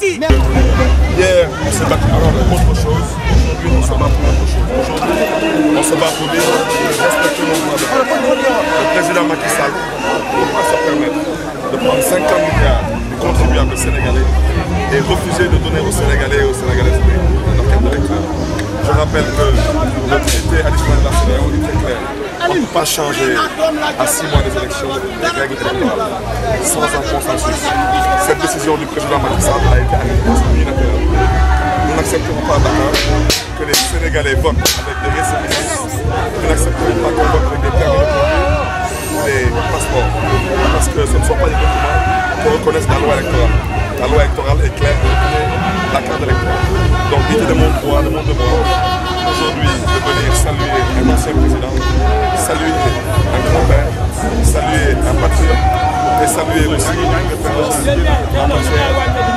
on se battu pour autre chose. Aujourd'hui, on se bat pour autre chose. Aujourd'hui, on se bat pour des ne pas changer à six mois des élections des règles électorales, sans un consensus. Cette décision du président Macky Sall a été annulée. Nous n'accepterons pas que les Sénégalais votent avec des récipices. Nous n'accepterons pas qu'on vote avec des permis des passeports, parce que ce ne sont pas des documents qui reconnaissent la loi électorale. La loi électorale est claire, la carte électorale. Donc, dites de mon droit, de mon devoir aujourd'hui de venir saluer un ancien président, saluer un grand-père, saluer un patriote et saluer aussi le sang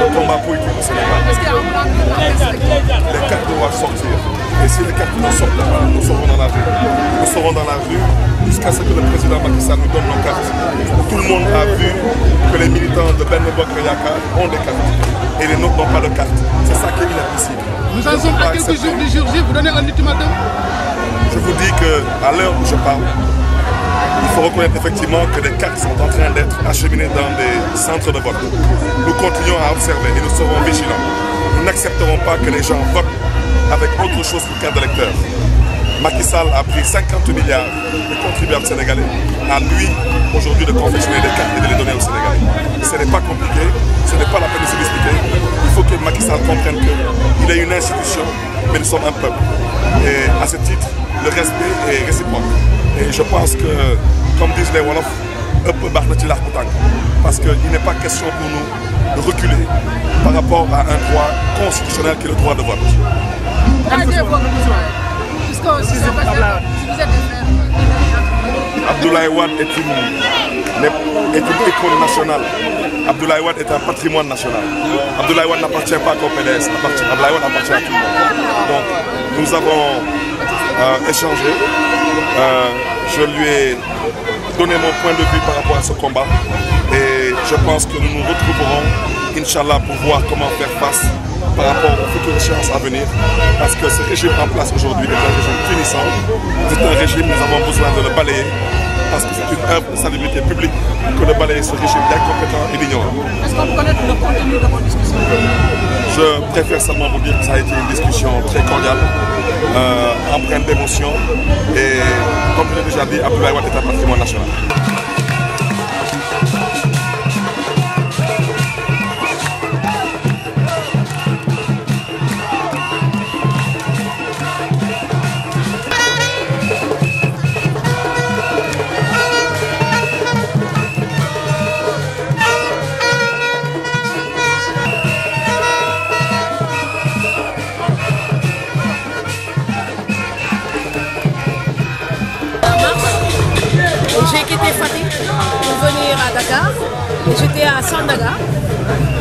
de combat politique au Sénégal. Les cartes doivent sortir. Si les cartes, nous sortons, nous serons dans la rue. Nous serons dans la rue jusqu'à ce que le président Macky nous donne nos cartes. Tout le monde a vu que les militants de Ben Yaka ont des cartes et les nôtres n'ont pas de cartes. C'est ça qui est inadmissible. Nous en sommes à quelques jours du jour J, vous donnez un ultimatum Je vous dis qu'à l'heure où je parle, il faut reconnaître effectivement que les cartes sont en train d'être acheminées dans des centres de vote. Nous continuons à observer et nous serons vigilants. Nous n'accepterons pas que les gens votent avec autre chose que carte lecteurs. Macky Sall a pris 50 milliards de contribuables sénégalais. À lui, aujourd'hui, de confectionner des cartes et de les donner aux Sénégalais. Ce n'est pas compliqué, ce n'est pas la peine de se discuter. Il faut que Macky Sall comprenne qu'il est une institution, mais nous sommes un peuple. Et à ce titre, le respect est réciproque. Et je pense que, comme disent les Wolofs, parce qu'il n'est pas question pour nous de reculer par rapport à un droit constitutionnel qui est le droit de vote. Ah, Abdoulaye Wade est une, est une école nationale. Abdoulaye Wade est un patrimoine national. Abdoulaye Wade n'appartient pas à PDS, Abdoulaye Wade appartient à tout le monde. Donc nous avons euh, échangé. Euh, je lui ai donné mon point de vue par rapport à ce combat et je pense que nous nous retrouverons Inch'Allah, pour voir comment faire face par rapport aux futures chances à venir. Parce que ce régime en place aujourd'hui est un régime finissant. C'est un régime, nous avons besoin de le balayer. Parce que c'est une œuvre salubrité publique que le balayer ce régime d'incompétent et d'ignorant. Est-ce qu'on vous connaissez le contenu de votre discussion Je préfère seulement vous dire que ça a été une discussion très cordiale, euh, empreinte d'émotion. Et comme je l'ai déjà dit, Abdoulaye la est un patrimoine national. quitté Fatih pour venir à Dakar. J'étais à Sandaga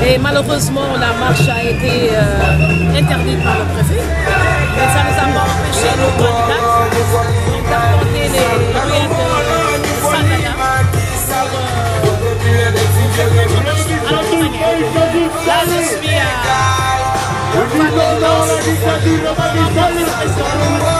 et malheureusement la marche a été euh, interdite par le préfet. Mais ça nous a pas empêché nos candidats d'apporter les ruelles de Sandaga pour euh, à notre manière. Là je suis à... la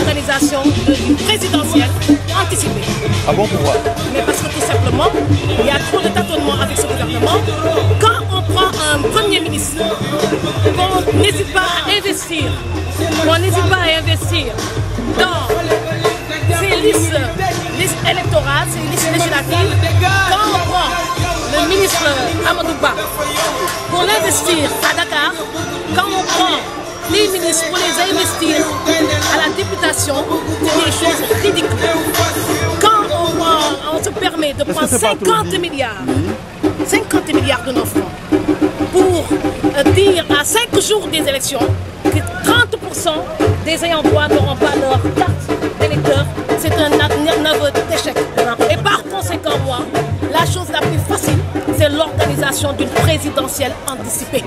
Organisation présidentielle anticipée. Ah bon, pourquoi Mais parce que tout simplement, il y a trop de tâtonnements avec ce gouvernement. Quand on prend un premier ministre, on n'hésite pas à investir, On n'hésite pas à investir dans ces listes, électorales, ces listes législatives, quand on prend le ministre Amadouba pour l'investir à Dakar, quand on prend les ministres pour les investir c'est des choses ridicules. Quand on, euh, se permet de prendre 50 milliards, 50 milliards de nos francs pour euh, dire à 5 jours des élections que 30% des ayants droit n'auront pas leur carte d'électeur, c'est un aveu d'échec. Et par conséquent, moi, la chose la plus facile, c'est l'organisation d'une présidentielle anticipée.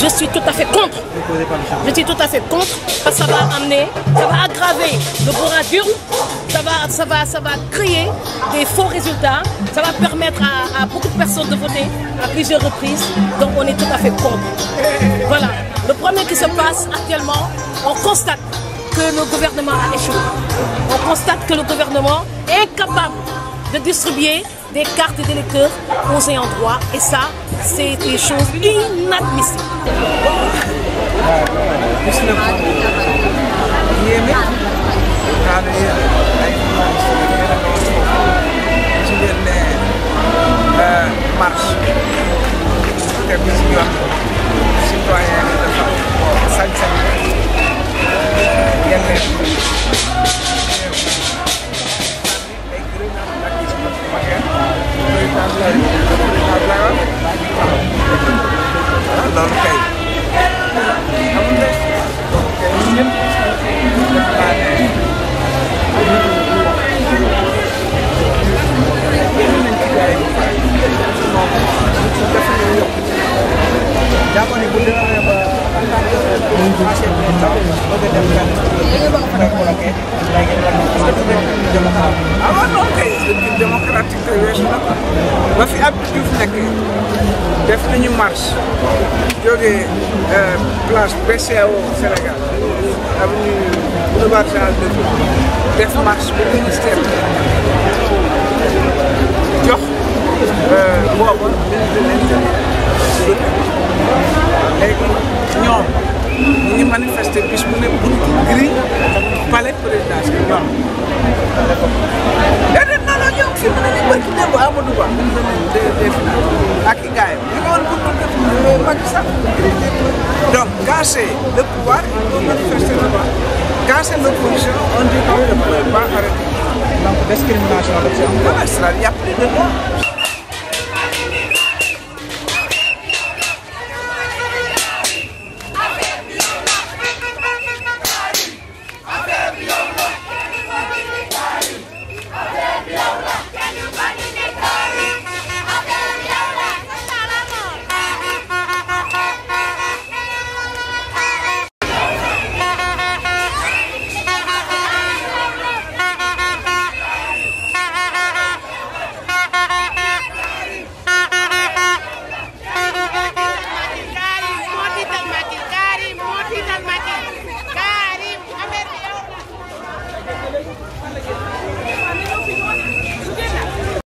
Je suis tout à fait contre. Je suis tout à fait contre parce que ça va amener, ça va aggraver le bras ça va, ça, va, ça va créer des faux résultats, ça va permettre à, beaucoup de personnes de voter à plusieurs reprises. Donc on est tout à fait contre. Voilà. Le problème qui se passe actuellement, on constate que le gouvernement a échoué. On constate que le gouvernement est incapable de distribuer des cartes d'électeurs aux ayants droit. Et ça, c'est des choses inadmissibles. Eh, def nañu marche jógee place BCEAO Sénégal avenue boulevard Charles de Gaulle def marche bu ministère jox booba eh, ministre de l'intérieur léegi ñoom ñu eh? ngi manifester bis bu ne buntu gris palais présidentiel si mën nañu bëgg démb Amadou Ba. ak i gars yi ñu ngi woon pour Macky Sall donc gâcher le pouvoir il faut manifester le droit gâcher l'opposition on dit non, on la ci am. non mais ça de droit.